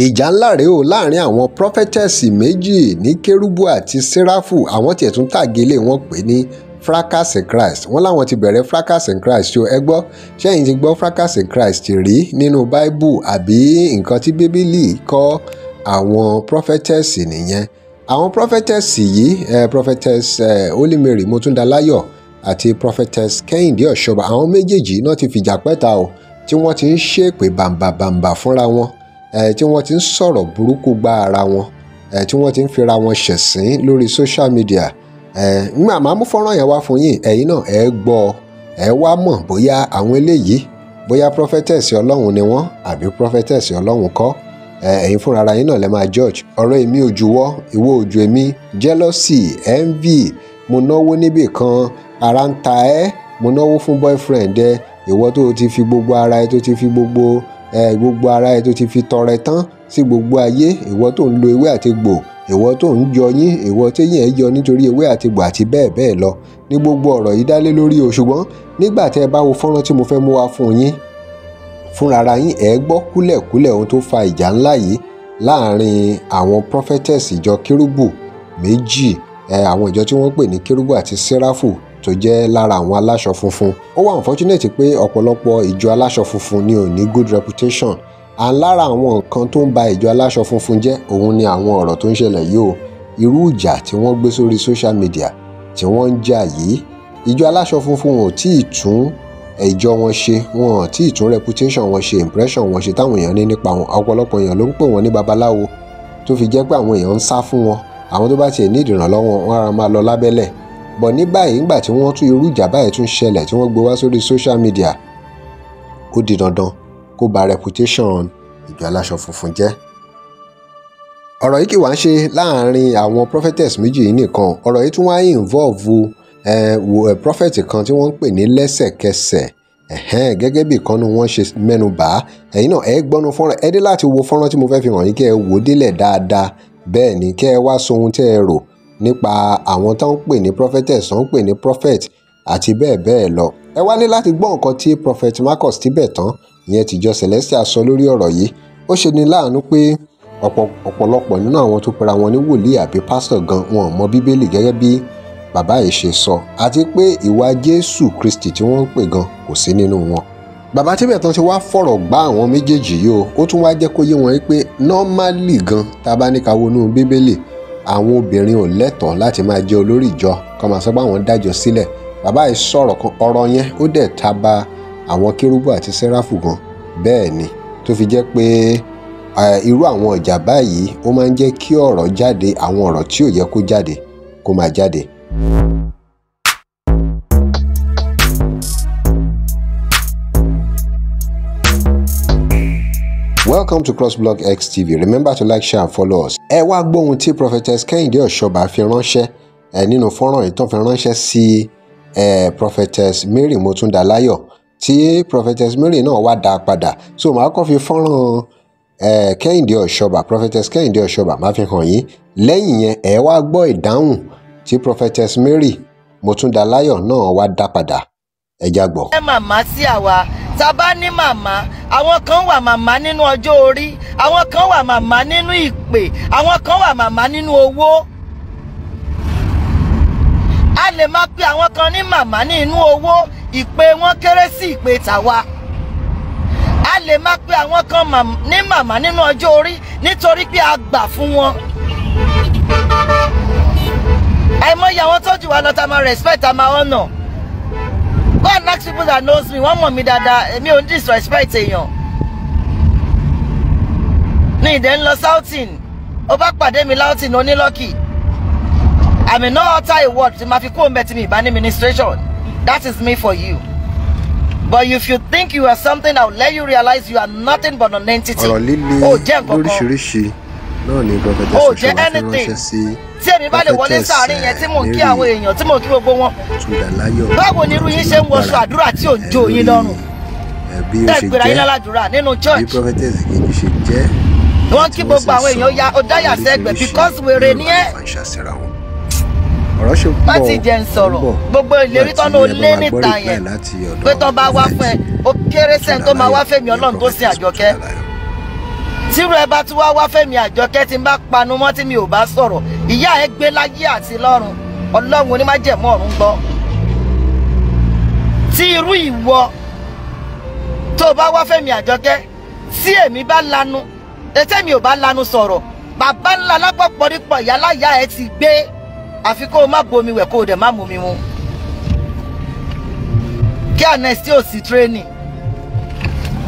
ìjà ńlá rèé o láàrin àwọn prọfẹtẹsì méjì ní kérúbù àti séráfù àwọn tiẹ̀ tún tàgélé wọn pè ní fracas in christ wọ́n láwọn ti bẹ̀rẹ̀ fracas in christ ṣó ẹ gbọ́ ṣẹ́yìn ti gbọ́ fracas in christ rí nínú báíbù àbí nǹkan tí bíbélì kọ́ àwọn prọfẹtẹsì nìyẹn àwọn prọfẹtẹsì yìí eh, prọfẹtẹs eh, Holy Mary Motúndáláyọ̀ àti prọfẹtẹs Kẹ́hìndé Ọ̀ṣọ́bà àwọn méjèèjì náà ti fìjà pẹ́ta o tí wọ́n ti ń ṣépè bàǹbàbàǹbà fúnra wọn tí wọ́n ti ń sọ̀rọ̀ burúkú gba ara wọn tí wọ́n ti ń fira wọn ṣẹ̀sín lórí social media màmá mú fọ́nrán yẹn wá fún yín ẹ̀yin náà ẹ gbọ́ ẹ wá mọ̀ bóyá àwọn eléyìí bóyá prophetess ọlọ́run ni wọ́n àbí prophetess ọlọ́run kọ́ ẹ̀yin fúnra ara yín náà lẹ́ máa judge ọ̀rọ̀ èmi ò juwọ́ ìwọ ò èmi jealousy envy mo náwó níbì kan ara ń ta ẹ́ mo náwó fún boyfriend ẹ ìwọ tó o ti fi gbogbo ara ẹ tó ti fi gbogbo ẹ gbogbo ara ẹ tó ti fi tọrẹ tán sí gbogbo ayé ìwọ tó ń lo ewé àti gbò ìwọ tó ń yọ yín ìwọ téyìn ẹ yọ nítorí ewé àti gbò àti bẹ́ẹ̀ bẹ́ẹ̀ lọ ní gbogbo ọ̀rọ̀ yìí dálé lórí o ṣùgbọ́n nígbà tẹ́ ẹ bá wo fọ́nrán tí mo fẹ́ mú wá fún yín fúnrara yín ẹ gbọ́ kúlẹ̀kúlẹ̀ ohun tó fa ìjà ńlá yìí láàrin àwọn prophetess ìjọ kérúbù méjì àwọn ìjọ tí wọ́n pè ní kérúbù àti séráfù tó jẹ́ lára àwọn aláṣọ funfun ó wà unfortunate pé ọ̀pọ̀lọpọ̀ ìjọ aláṣọ funfun ni ò ní good reputation à ń lára àwọn nǹkan tó ń ba ìjọ aláṣọ funfun jẹ́ òun ni àwọn ọ̀rọ̀ tó ń ṣẹlẹ̀ yìí o irú ìjà tí wọ́n gbé sórí social media tí wọ́n ń jà yìí ìjọ aláṣọ funfun wọn ò tí ì tún ìjọ wọn ṣe wọn ò tí ì tún reputation wọn ṣe impression wọn ṣe táwọn èèyàn ní nípa wọn ọ̀pọ̀lọpọ̀ èèyàn ló ń pè wọ́n ní babaláwo tó fi jẹ́ pé àwọn èèyàn ń sá fún wọn àwọn tó bá tiẹ̀ ní ìdìrànlọ́wọ́ wọn á máa lọ lábẹ́lẹ̀ bọ̀ ní báyìí ńgbà tí wọ́n tún irú ìjà báyìí tún ṣẹlẹ̀ tí wọ́n gbé wá sórí social media ó di dandan kó ba reputation ìjọ aláṣọ funfun jẹ́ ọ̀rọ̀ yìí kì wá ń ṣe láàrin àwọn prophetess méjì yìí nìkan ọ̀rọ̀ yìí tún wá involve eh, prophet kan tí wọ́n ń pè ní lẹ́sẹ̀kẹsẹ̀ ẹ̀hẹ́n gẹ́gẹ́ bí ìkànnì wọn ṣe mẹ́nu bà á ẹ̀yin náà ẹ gbọ́nu fọ́nrán ẹ dé láti wo fọ́nrán tí mo fẹ́ fi hàn yín kẹ́ ẹ wò délẹ̀ dáadáa bẹ́ẹ̀ ni kẹ́ ẹ wá sọ ohun tẹ́ ẹ rò nípa àwọn tó ń pè ní prophetess tó ń pè ní prophet àti bẹ́ẹ̀ bẹ́ẹ̀ lọ. ẹ wá ní láti gbọ́ nǹkan tí prophet Marcus Tibetan ìyẹn tìjọ Celestial sọ lórí ọ̀rọ̀ yìí ó ṣe ni láàánú pé ọ̀pọ̀lọpọ̀ nínú àwọn tó pera wọn ní wòlíì àbí pásítọ̀ gan wọn ò mọ bíbélì gẹ́gẹ́ bí bàbá yìí ṣe sọ àti pé ìwà Jésù Kristi tí wọ́n ń pè gan kò sí nínú wọn. bàbá Tibetan ti wá fọ̀rọ̀ gbá àwọn méjèèjì yìí o ó tún wá jẹ́ kó yé wọn pé normally gan tá a bá ní ká wọnú bíbélì àwọn obìnrin ò lẹ́tọ̀ọ́ láti máa jẹ́ olórí ìjọ kọ́ máa sọ pé àwọn dájọ́ sílẹ̀ bàbá yìí sọ̀rọ̀ kan ọ̀rọ̀ yẹn ó dẹ̀ ta ba àwọn kérúbù àti sẹ́ráfù gan bẹ́ẹ̀ ni tó fi jẹ́ pé irú àwọn ọ̀jà báyìí ó máa ń jẹ́ kí ọ̀rọ̀ jáde àwọn ọ̀rọ̀ tí ò yẹ kó jáde kó máa jáde. Welcome to CrossBlog X TV. Remember to like, share, and follow us ẹ wá gbọ́ ohun tí prophetess kẹ́hìndé ọ̀ṣọ́bà fi ránṣẹ́ ẹ nínú fọ́nrán yìí tó fi ránṣẹ́ sí ẹ prophetess mary motunda layo tí prophetess mary náà wá dá a padà so màá kọ́ fi fọ́nrán ẹ kẹ́hìndé ọ̀ṣọ́bà prophetess kẹ́hìndé ọ̀ṣọ́bà máa fi hàn yín lẹ́yìn yẹn ẹ wá gbọ́ ìdáhùn tí prophetess mary motúndáláyọ̀ náà wá dá padà ẹ já gbọ́. ẹ màmá sí àwa tá a bá ní màmá àwọn kan wà màmá nínú ọjọ́ orí àwọn kan wà màmá nínú ìpè àwọn kan wà màmá nínú owó a lè máa pe àwọn kan ní màmá ní inú owó ìpè wọn kéré sí ìpè tàwa a lè máa pe àwọn kan ní màmá nínú ọjọ́ orí nítorí pé a gbà fún wọn àìmọye àwọn tó jù wá lọ tá a máa respect a máa honour go and ask people that knows me wọ́n mọ̀ mí dáadáa èmi ò ń disrespect èèyàn ní ìdẹ́ ń lọ southing ó bá pàdé mi láwùtì ní onílọ́kì àmì náà ọ̀tá ìwọ́d tí ma fi kú òǹbẹ̀ tí me by the administration. that is me for you but if you think you are something I'll let you realize you are nothing but an entity. Oh líle lóríṣiríṣi náà ni prọfẹtà sọsọ bá fi ránṣẹ́ sí prọfẹtà Mary Tùdàláyọ̀ báwo ni irú yín ṣe ń wọṣọ àdúrà tí ò ń jó yín lọ́rùn bí ó ṣe jẹ́ bí prọfẹtà kejì ṣe jẹ́ wọ́n kí gbogbo àwọn èèyàn ya ọdáyà sẹ́gbẹ̀ because wèrè ni ẹ́ ọ̀rọ̀ ṣe pọ̀ wọ́n ti jẹ́ ń sọ̀rọ̀ gbogbo ìlérí tọ́nà olé níta yẹn pé tọ́ bá wá fún ẹ ó kéré sẹ́ni máa wá fẹ́mi ọlọ́run tó sin àjọkẹ́ tírú ẹ bá tún wá wá fẹ́mi àjọkẹ́ tí n bá panu mọ́ tí mi ò bá sọ̀rọ̀ ìyá ẹ gbé láyé àti lọ́run ọlọ́run onímájẹ̀mọ́ ọ̀run gbọ́ tí irú ìwọ tó bá wá fẹ́mi àjọkẹ́ tí èmi bá lanu etí mi ò bá lanu sọ̀rọ̀ bàbá ńlá lápapọ̀ nípa ìyá láyà ẹ ti gbé àfi kó o má bomi wẹ̀ kó o dẹ̀ má mumi mu kí àná ẹ sí tírénì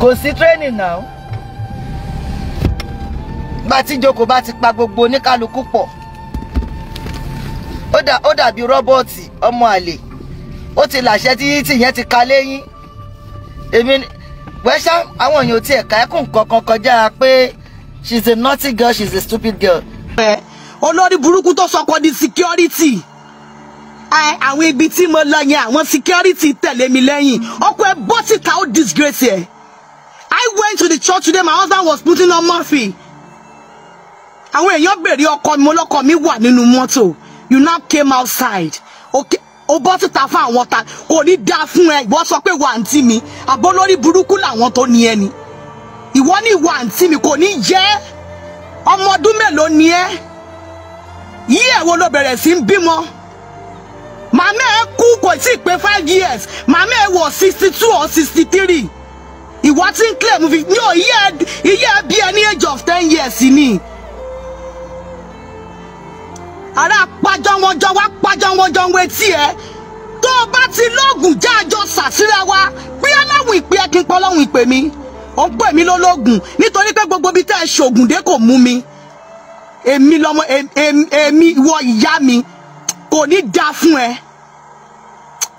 kò sí tírénì náà bá tí ìjókòó bá ti pa gbogbo oníkálukú pọ̀ ó dàbí rọ́bọ̀tì ọmọ àlè ó ti làṣẹ tí tìyẹn ti ka léyìn èmi wẹ́ṣá àwọn èèyàn ti ẹ̀ka ẹ̀kún kankan kọjá pé she's a naughty girl she's a stupid girl. olórí burúkú tó sọkọ di security àwọn ibi tí mo lọ yẹn àwọn security tẹ̀lé mi lẹ́yìn ọkọ ẹ bọ́ síta ó disgrace ẹ I went to the church today my husband was putting on Murphy àwọn èèyàn béèrè ọkọ mi ọlọ́kọ mi wà nínú mọ́tò you now came outside okay o bọ́ síta fún àwọn ta kò ní dáa fún ẹ ìwọ sọ pé wà àǹtí mi àbọ̀ lórí burúkú làwọn tó ní ẹni ìwọ ní ìwà àǹtí mi kò ní yẹ ọmọ ọdún mélòó ni ẹ yí ẹ̀wọ̀ ló bẹ̀rẹ̀ sí ń bímọ màmá ẹ kú kò tí pé five years màmá ẹ wọ sixty two or sixty three ìwọ ti ń claim fi ní òye ẹ bí ẹ ní age of ten years ni. Ara pàjọ wọn jọ wá pàjọ wọn jọ ń wetí ẹ tó o bá ti lóògùn já àjọ sàsíra wa pé aláwọ̀ ìpè ẹ kí n pọ́ ìpè mi ò ń pè mí lólógùn nítorí pé gbogbo ibi tẹ́ ẹ ṣoògùn dé kò mú mi èmi lọmọ èmi ìwọ ìyá mi kò ní dáa fún ẹ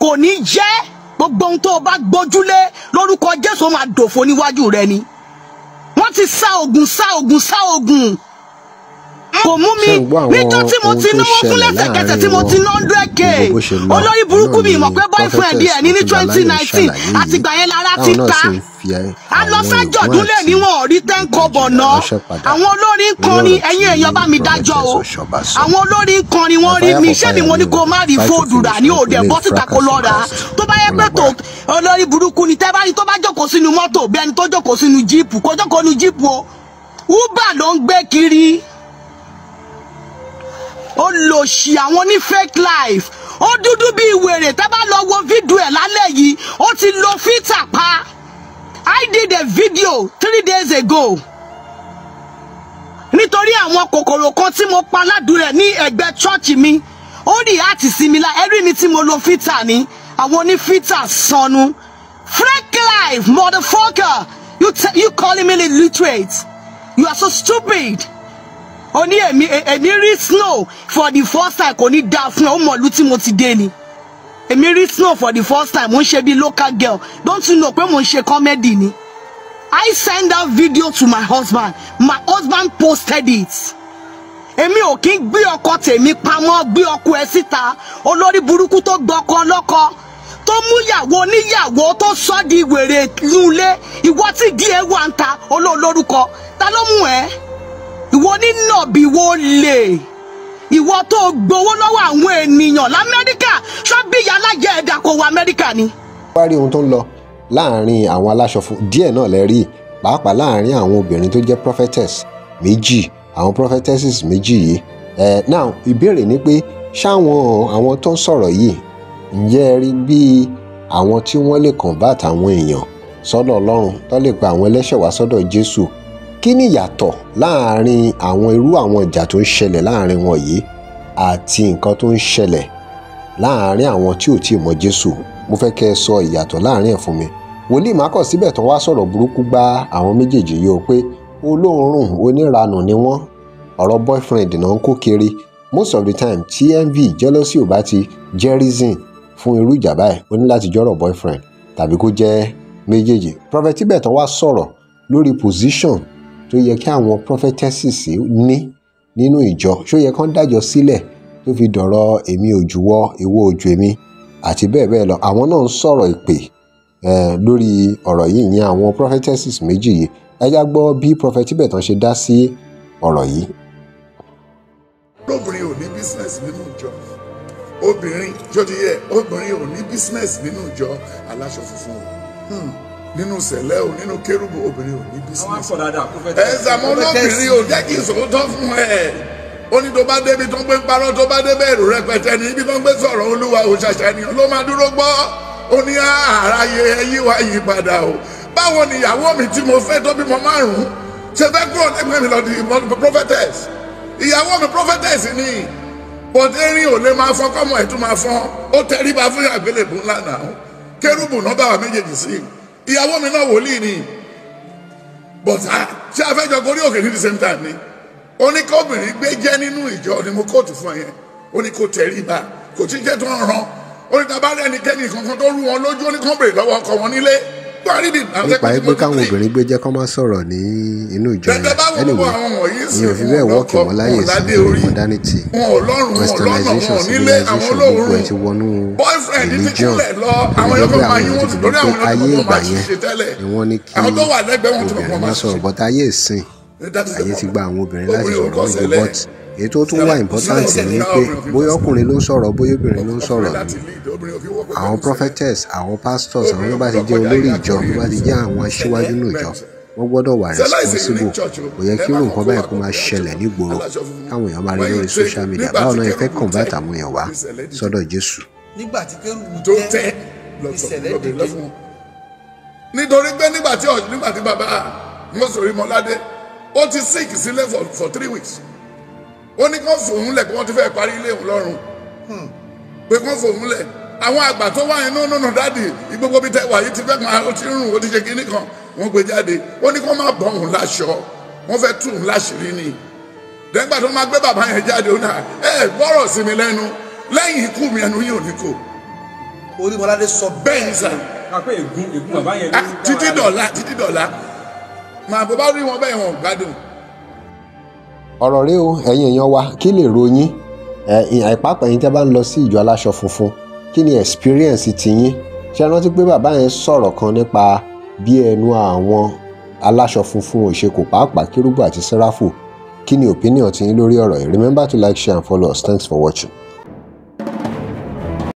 kò ní jẹ́ gbogbo ohun tó o bá gbójúlé lórúkọ Jésù máa dòfo níwájú rẹ ni wọ́n ti sá ògùn sá ògùn sá ògùn kò mú mi níjọ́ tí mo ti náwó fún lẹ́sẹ̀kẹsẹ̀ tí mo ti ná hundred k olórí burúkú mi ìmọ̀ pé boyfriend ẹ̀ ní ní twenty nineteen àtìgbà yẹn lára ti ta a lọ sájọ̀dún lè níwọ̀n rí ten ná àwọn olórin kọrin ẹ̀yin èèyàn bá mi dájọ́ o àwọn olórin kọrin wọ́n rí mi ṣé mi mo ní kó má rí fóòdù rà ní òde bọ́ síta kó lọ rà tó bá yẹ pé tó olórí burúkú ni tẹ́ tó bá jókòó sínú mọ́tò bí ẹni tó jókòó sínú jíìpù kó jókòó sínú jíìpù o uber ló ń gbé kiri ó àwọn ní fake life ó dúdú bíi wèrè tá bá lọ wo fídíò ẹ̀ lálẹ́ yìí ó ti lo fítà pa I did a video three days ago nítorí àwọn kòkòrò kan tí mo pa ládùúrẹ̀ ní ẹ̀gbẹ́ chọ́ọ̀chì mi ó rí àti sinmi la ẹ̀rí mi tí mo lo fítà ni àwọn ní fítà sọnù fake life motherfucker you, you calling me illiterate you are so stupid ó ní èmi èmi rí snow for the first time kò ní dáa fún ẹ ó mọ̀lú tí mo ti dé ni èmi rí snow for the first time mo ń ṣe bí local girl don't you know pé mo ń ṣe comedy ni I send that video to my husband my husband posted it èmi ò kí ń gbé ọkọ tèmi pamọ́ gbé ọkọ ẹ síta olórí burúkú tó gbọkọ lọ́kọ tó mú yàwó oníyàwó tó sọ di wèrè lulẹ̀ ìwọ tí díẹ̀ wà ń ta olóolórúkọ ta ló mú ẹ. Eh? ìwọ onínàbí wo lè ìwọ tó gbowó lọ́wọ́ àwọn ènìyàn lamẹ́ríkà ṣọ́bíyà alájẹ ẹ̀dá kò wọ amẹ́ríkà ni. wá rí ohun tó ń lọ láàrin àwọn aláṣọ funfun díẹ̀ náà lẹ pàápàá láàrin àwọn obìnrin tó jẹ́ prophetess méjì àwọn prophetesses méjì yìí ẹ náà ìbéèrè ni pé ṣáwọn àwọn tó ń sọ̀rọ̀ yìí ǹjẹ́ rí bíi àwọn tí wọ́n lè convert àwọn èèyàn sọ́dọ̀ ọlọ́run tó lè gba àwọn ẹlẹ́ṣẹ̀ wá sọ́dọ̀ jésù kí ni ìyàtọ̀ láàrin àwọn irú àwọn ìjà tó ń ṣẹlẹ̀ láàrin wọn yìí àti nǹkan tó ń ṣẹlẹ̀ láàrin àwọn tí ò tí ì mọ Jésù mo fẹ́ kẹ́ ẹ sọ ìyàtọ̀ láàrin ẹ̀ fún mi wòlíì mákọ̀ síbẹ̀ tán wá sọ̀rọ̀ burúkú gbá àwọn méjèèjì yìí o pé olóòórùn oníranù ni wọ́n ọ̀rọ̀ boyfriend náà ń kó kiri most of the time tí envy jealousy ò bá ti jẹ́ reason fún irú ìjà báyìí o ní láti jọ́rọ̀ boyfriend tàbí kó jẹ́ méjèèjì prophet tibet wá sọ̀rọ̀ lórí position tó yẹ kí àwọn prophetesses ní nínú ìjọ ṣó yẹ kán dájọ sílẹ̀ tó fi dọ̀rọ̀ èmi òjùwọ́ ìwọ òjò èmi àti bẹ́ẹ̀ bẹ́ẹ̀ lọ àwọn náà ń sọ̀rọ̀ ìpè lórí ọ̀rọ̀ yìí ìyẹn àwọn prophetesses méjì yìí ẹja gbọ́ bí prophet Tibetan ṣe dá sí ọ̀rọ̀ yìí. lóbìnrin ò ní business nínú ìjọ obìnrin jọdí obìnrin ò ní business nínú ìjọ aláṣọ funfun. Hmm nínú sẹ̀lẹ̀ o nínú kérúbù obìnrin ò ní bísíǹsì. ẹ ṣàmọ́ lọ́bìnrin ò kí n sòótọ́ fún ẹ ó tó bá débi tó ń gbé parọ́ tó bá débẹ̀ èrò rẹpẹtẹ ní ibi tó ń gbé sọ̀rọ̀ olúwa òṣàṣà ènìyàn ló máa dúró gbọ́ ó ní àráyé ah, ẹyí wa yí padà o báwo ni ìyàwó mi tí mo fẹ́ tó bímọ márùn ṣe fẹ́ kúrò lẹ́gbẹ̀ẹ́ mi lọ di prophetess ìyàwó mi prophetess ni bọ̀dẹ́rìn ò lè máa fọ́n kọ́mọ ẹ̀ tún máa fọ́n ó tẹríba fún àgbélébùú ńlá kérúbù náà bá wa méjèèjì sí i ìyàwó mi náà wòlíì ni but ah, ṣé a fẹ́ jọ gorí òkè ní the same time ni ó gbé jẹ́ nínú ìjọ ni mo kóòtù fún yẹn ó ní kó tẹ̀rí ba kò tí jẹ́ tó ń ran ó ní tàbá lẹ́nikẹ́ni kankan tó rú wọn lójú ó lọ́wọ́ ọkọ wọn nílé nípa ẹgbẹ́ káwọn obìnrin gbé jẹ́ kó máa sọ̀rọ̀ ní inú ìjọ yẹn anyway mi ò fi bẹ́ẹ̀ wọ́ọ̀kì wọn láyè sí modernity westernization sí bí ẹ̀sìn gbogbo ẹ̀ ti wọnú religion ìrẹ́lẹ̀ àwọn èèyàn ti gbé pé ayé ìgbà yẹn ni wọ́n ní kí obìnrin má sọ̀rọ̀ but ayé ìsìn ayé ti gba àwọn obìnrin láti sọ̀rọ̀ òyìnbó but èyí tó tún wà important ni pé bóyá ọkùnrin ló ń sọ̀rọ̀ bóyá obìnrin ló ń sọ̀rọ̀ ni àwọn prophetess àwọn pastors àwọn tó bá ti jẹ́ olórí ìjọ tó bá ti jẹ́ àwọn aṣíwájú nínú ìjọ wọ́n gbọ́dọ̀ wà responsible oh. kò yẹ kí irú nǹkan báyìí kó máa ṣẹlẹ̀ nígboro káwọn èèyàn máa rí lórí social media báwo náà ẹ fẹ́ convert àwọn èèyàn wá sọ́dọ̀ Jésù nígbà tí kérúbù tó tẹ ìṣẹ̀lẹ̀ dìde nítorí pé nígbà tí ọ̀yọ́ nígbà tí bàbá mọ́sọ̀rí mọ́ládé ó ti sick sílẹ̀ for for three weeks ó ní kó fòun lẹ̀ kó wọ́n ti fẹ́ parí ilé òun lọ́rùn hmm. pé kó fòun lẹ̀ àwọn àgbà tó wá yẹn nínú nínú dáàdì gbogbo bíi tẹwà yìí ti fẹ́ máa ó ti rùn ó ti ṣe kínní kan wọ́n gbé jáde ó ní kó má bọ́ òun láṣọ wọ́n fẹ́ tú òun láṣìírí ni dẹ́gbà tó má gbé bàbá yẹn jáde ó náà ẹ gbọ́rọ̀ sí mi lẹ́nu lẹ́yìn ikú mi ẹnu yóò ní kò. Orímọládé sọ bẹ́ẹ̀ ń sàn. Àpé ègún ègún bàbá yẹn ah, ló ń dára. Títí dọ̀la títí dọ̀la. Màá bọ́ bá rí wọn bẹ́ẹ̀ wọn gbádùn. Ọ̀rọ̀ rẹ o, ẹ̀yin èèyàn wa, kí lè ròyìn? Àìpápá yín tẹ́ bá ń lọ sí ìjọ aláṣọ funfun, kí ni experience ti yín? Ṣé ẹ rántí pé bàbá yẹn sọ̀rọ̀ kan nípa bí ẹnu àwọn aláṣọ funfun ò ṣe kò pàápàá kérúbù àti sẹ́ráfù? Kí ni opinion ti yín lórí ọ̀rọ̀ yìí? Remember to like, share and follow us. Thanks for watching.